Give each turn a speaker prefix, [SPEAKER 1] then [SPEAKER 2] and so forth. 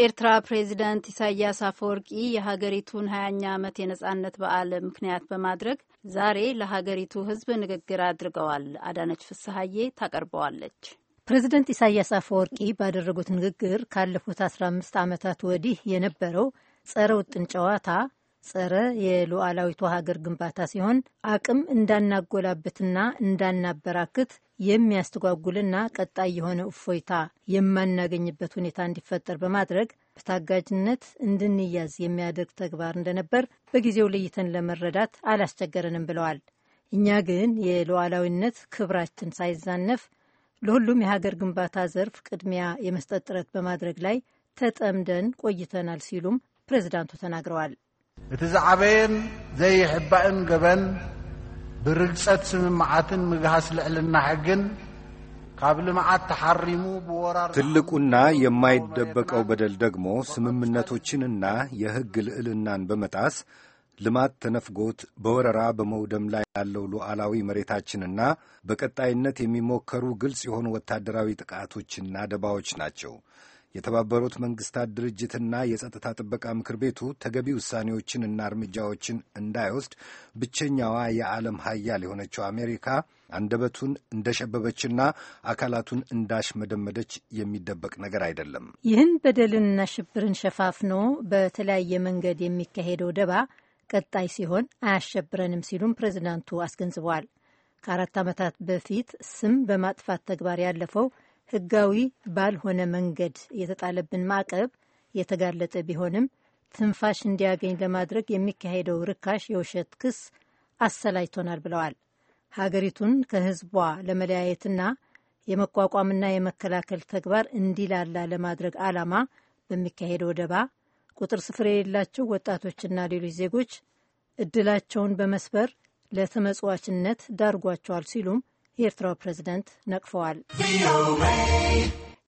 [SPEAKER 1] የኤርትራ ፕሬዚደንት ኢሳያስ አፈወርቂ የሀገሪቱን ሀያኛ ዓመት የነጻነት በዓል ምክንያት በማድረግ ዛሬ ለሀገሪቱ ሕዝብ ንግግር አድርገዋል። አዳነች ፍስሀዬ ታቀርበዋለች። ፕሬዚደንት ኢሳያስ አፈወርቂ ባደረጉት ንግግር ካለፉት 15 ዓመታት ወዲህ የነበረው ጸረ ውጥን ጨዋታ ጸረ የሉዓላዊቱ ሀገር ግንባታ ሲሆን አቅም እንዳናጎላበትና እንዳናበራክት የሚያስተጓጉልና ቀጣይ የሆነ እፎይታ የማናገኝበት ሁኔታ እንዲፈጠር በማድረግ በታጋጅነት እንድንያዝ የሚያደርግ ተግባር እንደነበር በጊዜው ለይተን ለመረዳት አላስቸገረንም ብለዋል። እኛ ግን የሉዓላዊነት ክብራችን ሳይዛነፍ ለሁሉም የሀገር ግንባታ ዘርፍ ቅድሚያ የመስጠት ጥረት በማድረግ ላይ ተጠምደን ቆይተናል ሲሉም
[SPEAKER 2] ፕሬዚዳንቱ ተናግረዋል። እቲ ዝዓበየን ዘይሕባእን ገበን ብርግፀት ስምምዓትን ምግሃስ ልዕልና ሕግን ካብ ልምዓት ተሓሪሙ ብወራር ትልቁና የማይደበቀው በደል ደግሞ ስምምነቶችንና የሕግ ልዕልናን በመጣስ ልማት ተነፍጎት በወረራ በመውደም ላይ ያለው ሉዓላዊ መሬታችንና በቀጣይነት የሚሞከሩ ግልጽ የሆኑ ወታደራዊ ጥቃቶችና ደባዎች ናቸው። የተባበሩት መንግስታት ድርጅትና የጸጥታ ጥበቃ ምክር ቤቱ ተገቢ ውሳኔዎችንና እርምጃዎችን እንዳይወስድ ብቸኛዋ የዓለም ሀያል የሆነችው አሜሪካ አንደበቱን እንደሸበበችና አካላቱን እንዳሽመደመደች የሚደበቅ ነገር አይደለም።
[SPEAKER 1] ይህን በደልንና ሽብርን ሸፋፍኖ በተለያየ መንገድ የሚካሄደው ደባ ቀጣይ ሲሆን አያሸብረንም ሲሉም ፕሬዚዳንቱ አስገንዝበዋል። ከአራት ዓመታት በፊት ስም በማጥፋት ተግባር ያለፈው ህጋዊ ባልሆነ መንገድ የተጣለብን ማዕቀብ የተጋለጠ ቢሆንም ትንፋሽ እንዲያገኝ ለማድረግ የሚካሄደው ርካሽ የውሸት ክስ አሰላጅቶናል ብለዋል። ሀገሪቱን ከህዝቧ ለመለያየትና የመቋቋምና የመከላከል ተግባር እንዲላላ ለማድረግ ዓላማ በሚካሄደው ደባ ቁጥር ስፍር የሌላቸው ወጣቶችና ሌሎች ዜጎች እድላቸውን በመስበር ለተመጽዋችነት ዳርጓቸዋል ሲሉም የኤርትራው ፕሬዝደንት ነቅፈዋል።